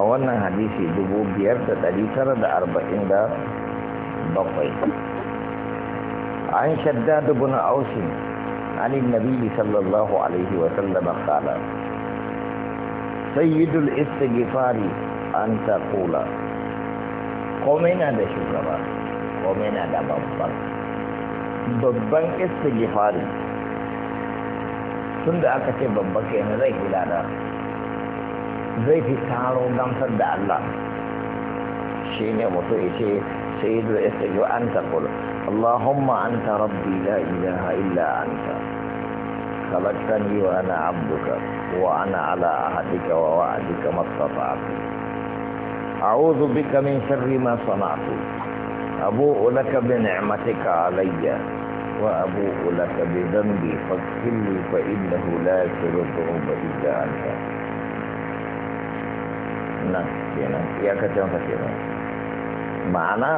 a wannan hadisi dubu biyar da ɗari tara da arba'in da bakwai an shadda dubun ausin عن النبي صلى الله kala sayyidul istighfari an ta kula. Komai na da shugaba komai na da babban babban istighfari tunda aka ce babban kenan zai da. زي في تارو دم سد الله شيني موتو إيشي سيد وإسج وأنت قل اللهم أنت ربي لا إله إلا أنت خلقتني وأنا عبدك وأنا على عهدك ووعدك ما استطعت أعوذ بك من شر ما صنعت أبوء لك بنعمتك علي وأبوء لك بذنبي فاغفر لي فإنه لا يغفر الذنوب إلا أنت nan kenan iyakacin sa kenan ma'ana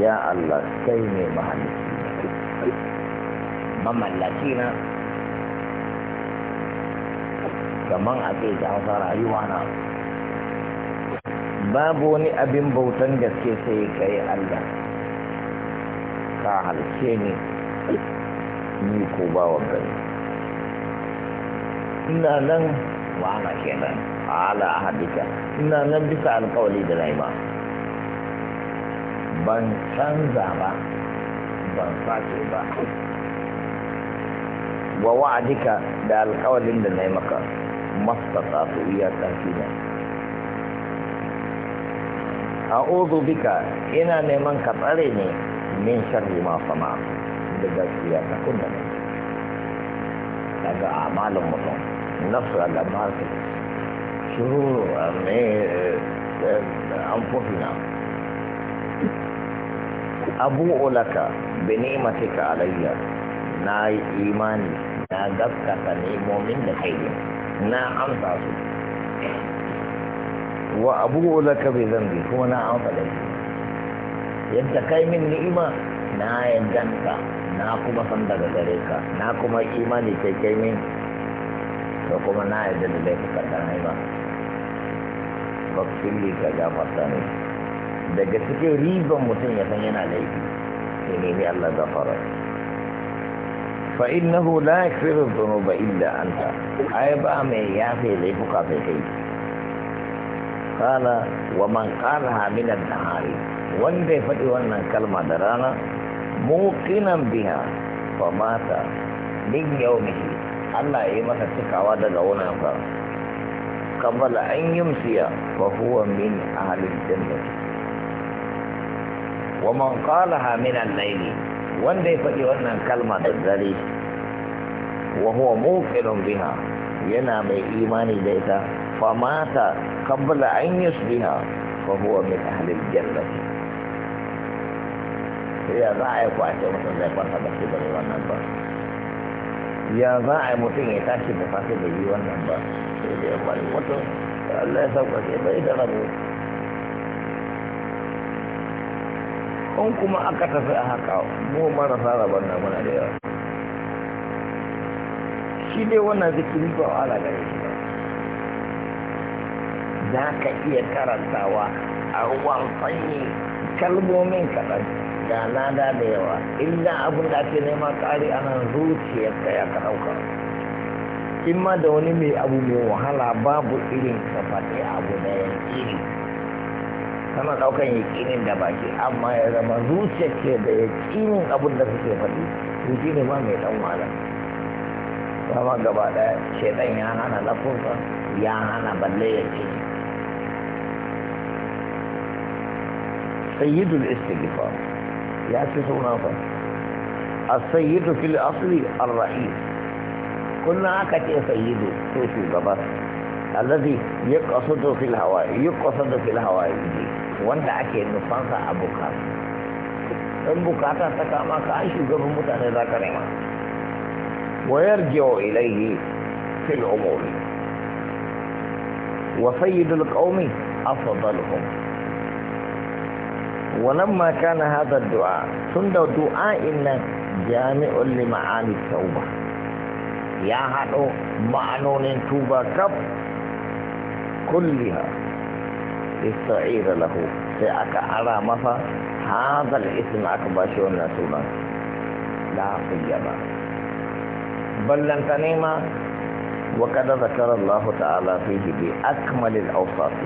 ya Allah kai ne mahalicci mamallaki na kaman a ce ta hausa rayuwa na babu wani abin bautan gaske sai kai Allah ka halce ni ni ko bawa gari ina nan wahala kenan ala ahadika ina nan bisa alkawali da naima ban canza ba ban sace ba wa wa'adika da alkawalin da nai maka su iya karfi ne a'udhu bika ina neman ka tsare ne min sharri ma sama daga gaskiya ta kunna daga amalin mutum nafsu a gaba su su a abu olaka bene mace ka alayya na imani na gaska ka nemo min da kai na amsa su wa abu olaka bai zan bi kuma na amsa da su yadda kai min ni'ima na yadda na kuma san daga gare ka na kuma imani kai kai min da kuma na yadda da laifukan da na yi ba bakfili ka gafarta ne daga cikin riban mutum ya san yana laifi sai nemi Allah gafara fa innahu la yaghfiru dhunuba illa anta ai ba mai yafe laifuka sai kai kala wa man qalaha min ad-dahari wanda ya faɗi wannan kalma da rana muqinan biha fa mata min yawmihi Allah ya yi masa cikawa daga wannan ka kabbala an yumsiya wa huwa min ahlil jannati wa man qalaha min al-layl wanda ya faɗi wannan kalma da dare wa huwa muqinun biha yana mai imani da ita fa mata kabbala an yusbiha fa huwa min ahlil jannati ya za a yi kwace mutum zai kwanta da shi bane wannan ba ya za a yi mutum ya tashi da fafi da yi wannan ba sai da yamma ne mutum Allah ya sauka sai bai da rabu in kuma aka tafi a haka mu marasa rabon na muna da yawa shi dai wannan zikiri ba wala da shi ba za ka iya karantawa a ruwan sanyi kalmomin kaɗan ga da da yawa illa abin da ake nema kari ana zuciyarka ya ka dauka in ma da wani mai abu mai wahala babu irin ka faɗi abu da ya ƙiri kana ɗaukan yaƙinin da baki amma ya zama zuciyar ke da yaƙinin abin da suke faɗi zuci ne ma mai ɗan wahala sama gaba ɗaya shaidan ya hana lafunsa ya hana balle ya ce sayyidul الاستغفار يا سيد ناظر السيد في الأصل الرئيس كنا عكت سيد في ببر الذي يقصد في الهواء يقصد في الهواء وانت اكيد نصانسا أبو كار أبو كارتا تكاما كايش يجب متعني ذاكرما ويرجع إليه في الأمور وسيد القوم أفضلهم wannan ma kana hada du'a tun du'a innan jami'un li ma'ani tauba ya haɗo ma'anonin tuba kab kulliha istaira lahu sai aka ara masa hadal ism aka ba shi wannan sunan la fiyaba ballantane ma وقد ذكر الله تعالى فيه بأكمل الأوصاف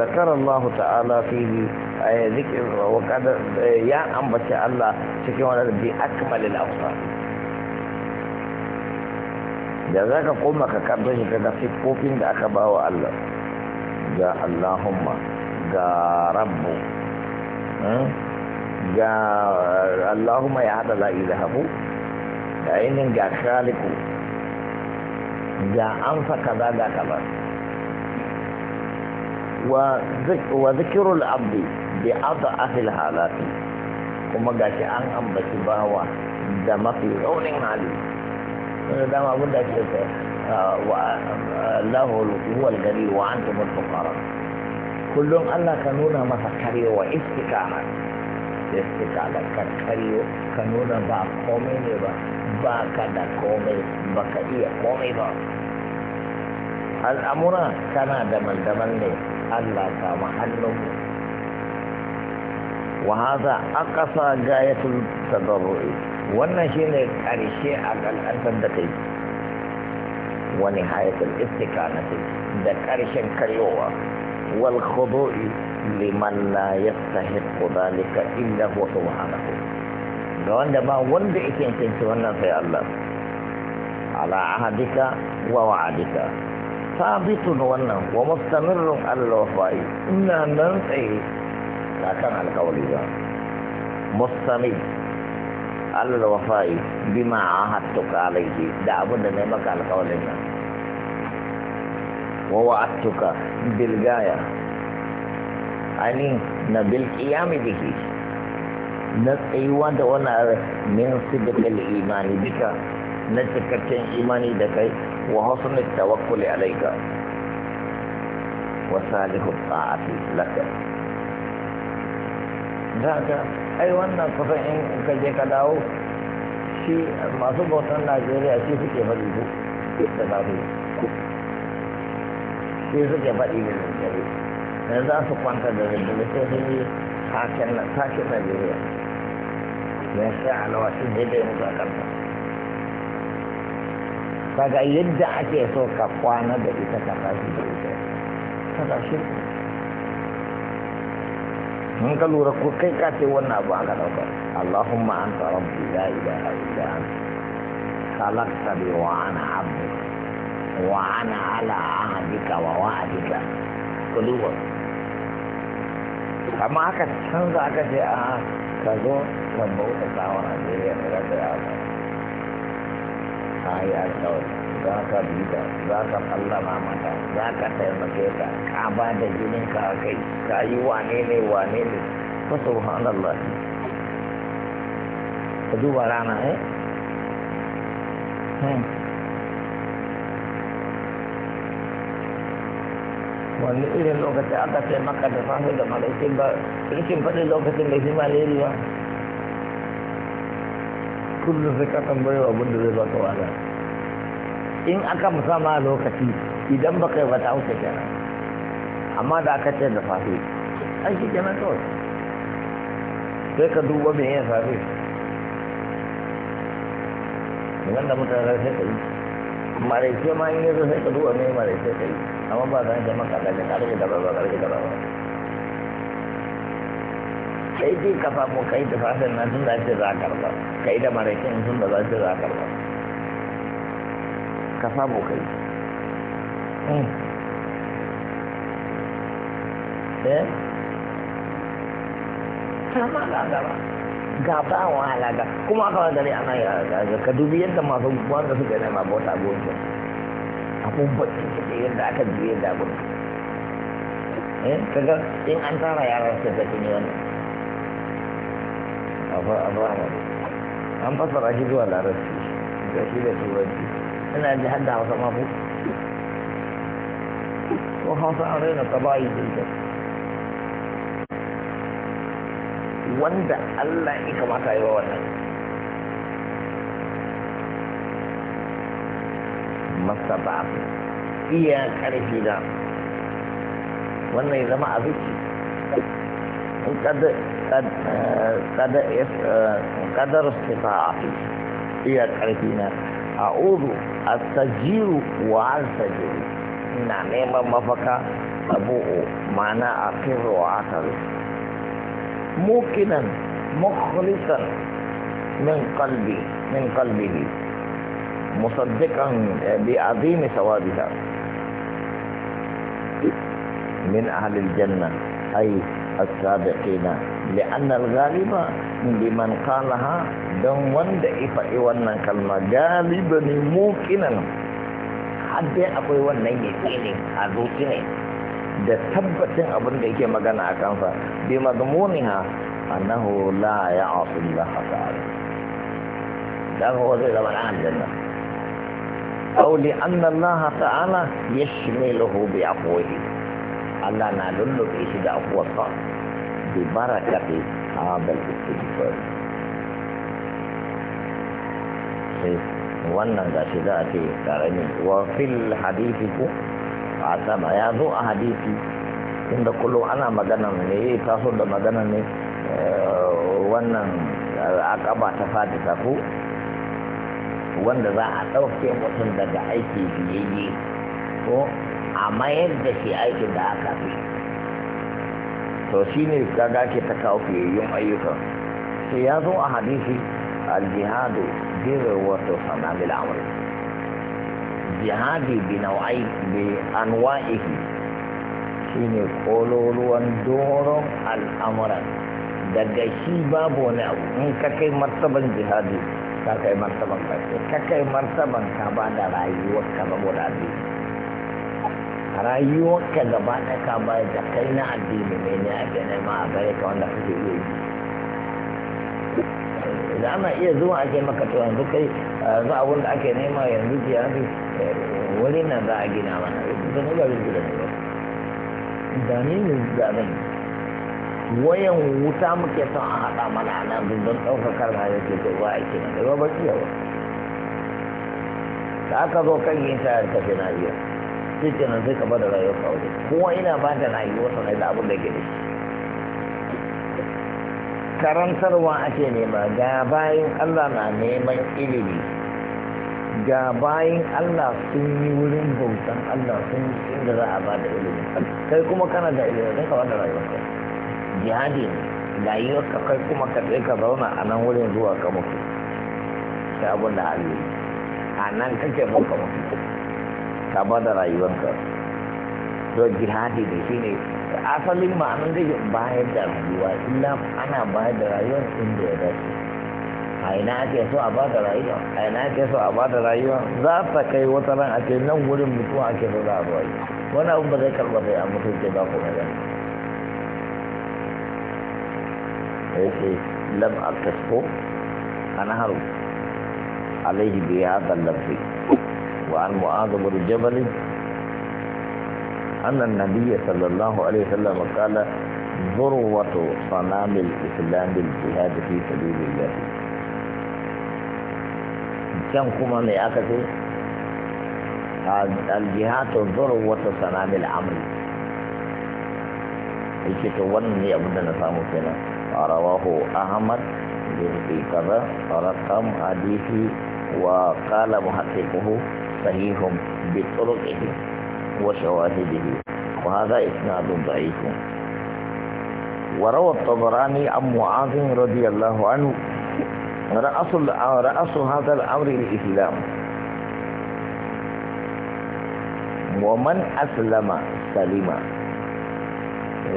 ذكر الله تعالى فيه Eh, zikir wa kadar eh, ya ambaci Allah cikin wani bi akmalil afsar da za ka koma ka karɓar shi daga siffofin da aka ba wa Allah ga Allahumma ga rabbu hmm? ga eh, Allahumma ya haɗa la'ilahahu da ainihin ga khaliku ga amsa kaza ga kaza wa zikirul abdi bi ada'af al-halat kuma gashi an ambaci bawa da mafi raunin hali da dama abin da ake wa lahu huwa al-gani wa antum al-fuqara kullum Allah ka nuna masa karewa istikama istikala ka karewa ka nuna ba komai ne ba ba ka da komai ba ka iya komai ba al'amura kana da maldamal ne Allah kama hannunmu wa haza aqsa gayatul tadarrui wannan shine karshe a kankantar da kai wa nihayatul istiqanati da karshen karyowa wal khudu'i liman la yastahiqu dhalika illa huwa subhanahu ga wanda ba wanda yake cancanci wannan sai Allah ala ahadika wa wa'adika sabitun wannan wa mustamirrun ala wafa'i ina nan tsaye ba kan alkawari ba mustami alal bima ahadtuka alayhi da abin da na maka alkawarin nan wa wa'adtuka bil gaya ani na bil qiyam bihi na tsayuwa da wannan min sidqil imani bika na cikakken imani da kai wa husnul tawakkuli alayka wa salihut ta'ati laka za ka ai wannan kusan in ka je ka dawo shi masu bautan najeriya shi suke faɗi ko da zafi shi suke faɗi da daddare da za su kwanta da daddare sai sun yi hakin na tashin najeriya ya sha alawa shi daidai musu a kanta kaga yadda ake so ka kwana da ita ka tashi da ita kaga shirka in ka lura ko kai ka ce wannan abu aka dauka Allahumma anta rabbi la ilaha illa anta khalaqtani wa ana abduka wa ana ala ahdika wa wa'dika kuluwa amma aka canza aka ce a ka zo ka bauta tsawon Najeriya da za ta yi a yi alkawari za ka bi ta za ka sallama mata za ka taimake ta ka ba da jinin ka kai ka yi wane ne wane ne fa subhanallah ka duba rana eh hmm. wani irin lokaci aka ce maka da safe da malaiki ba rikin faɗin lokacin da shi maleriya kullum sai ka tambayi abin da zai baka wahala in aka musama lokaci idan ba kai wata ta wuce kenan amma da aka ce da safe an shi kenan kawai sai ka duba mai yin safe idan da mutane sai ka yi maraice ma in yanzu sai ka duba mai maraice ka yi amma ba zan jama ka ne karfe da ba karfe da ba sai dai ka samu kai da safen nan tun da ake za a karba kai da maraice in tun da za a karba ka samu kai hmm. eh ba gaba gaba wahala ga kuma aka gari ana ya ka dubi yadda masu wanda suka yi ma bota gobe abubuwan da yadda aka juye da abu eh kaga in an tara yaran sai da kini wannan abu abu an fasara shi zuwa larabci da shi da turanci أنا عندي حد على طرفه وخاصة علينا قضايا جدا وانت ألا إيكا ما تايبا وانا ما استطعت إياك على جدا وانا إذا ما أبيتش قدر استطاعتي إياك على أعوذ astajiru wa altajiru ina neman mafaka abu'u ma'ana a firro a akaru mukinan mukhlisan min qalbi min qalbihi musaddiqan bi azimi sawabiha min ahli aljanna ay السابقين لأن الغالب لمن قالها دون وند إفا ونن كلمة غالب موكنا حد أقول ونن يتيني أذوتيني da tabbacin abin da yake magana a kansa bi mazmuniha annahu la Allah ta'ala dan zai zama na aljanna aw li anna Allah ta'ala yashmiluhu Allah na lullube shi da aqwarsa ببركة هذا الاستغفار wannan ga shi za a ce karami wa fil hadisi ko a sama ya zo a hadisi inda kullum ana magana ne ya taso da magana ne wannan akaba ta fadisa ko wanda za a ɗauke mutum daga aiki biyayye ko a mayar da shi aikin da aka fi to ne kaga ke ta kawo fiyayyun ayyuka sai ya zo a hadisi aljihadu jirar wato sanamil amri jihadi bi nau'ai bi anwa'ihi shine kololuwan doron al'amuran daga shi babu wani abu in ka kai martaban jihadi ka kai martaban ka kai martaban ka ba da rayuwar ka saboda addini rayuwarka gaba na ka bayar da kai na addini mai ne a ganin ma a gare ka wanda kake iya yi da ana iya zuwa ake maka to yanzu kai yanzu abin da ake nema yanzu ke yanzu eh, wurin nan za a gina mana da ne ba zai gina ne ba da ni ne da ne wayan wuta muke son a haɗa mana a nan don ɗaukakar ma yake da ruwa ake nan da ba ba ciyawa da aka zo kan yin tayar tafi na biyar sai nan sai ka bada rayuwar ka wajen kuma ina ba da rayuwa sanai da abin da ke da karantarwa ake nema ga bayan Allah na neman ilimi ga bayan Allah sun yi wurin bautan Allah sun yi inda za a ba da ilimi kai kuma kana da ilimi sai ka bada rayuwar ka jihadi ne rayuwar ka kai kuma ka tsaye ka zauna a nan wurin zuwa ka mutu sai abin da hali a nan kake bauka mutu ka ba da rayuwarka don jihadi da shi ne asalin ma'anin da bayar da rayuwa illa ana bayar da rayuwar inda ya dace a ina ake so a ba da rayuwa a ina ake so a ba da rayuwa za ta kai wata ran ake nan wurin mutuwa ake so za a ba yi wani abin ba zai karɓa sai an mutu ce ba kuma da ya ce lam a kasko an haru alaihi biya da lafi وعن معاذ بن جبل أن النبي صلى الله عليه وسلم قال ذروة صنام الإسلام الجهاد في سبيل الله كم كما لأكته الجهاد ذروة صنام العمل يكتون أبدا نفهمه كنا رواه أحمد بن كذا رقم حديثي وقال محققه صحيح بطرقه وشواهده وهذا إسناد ضعيف وروى الطبراني عن معاذ رضي الله عنه رأس, رأس هذا الأمر الإسلام ومن أسلم سليما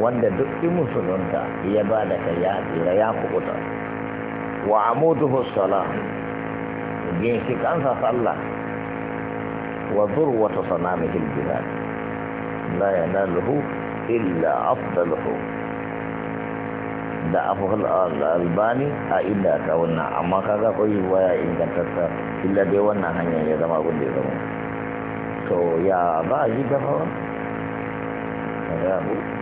wanda duk musulunta ya ba da kai ya kubuta wa amuduhu sallah وذروة صنامه الجبال لا يناله إلا أفضله da afahul albani a inda ta wannan amma kaga koyi waya ingantatta illa dai wannan hanyar ya zama abin da ya zama to ya ba a yi dafawa ya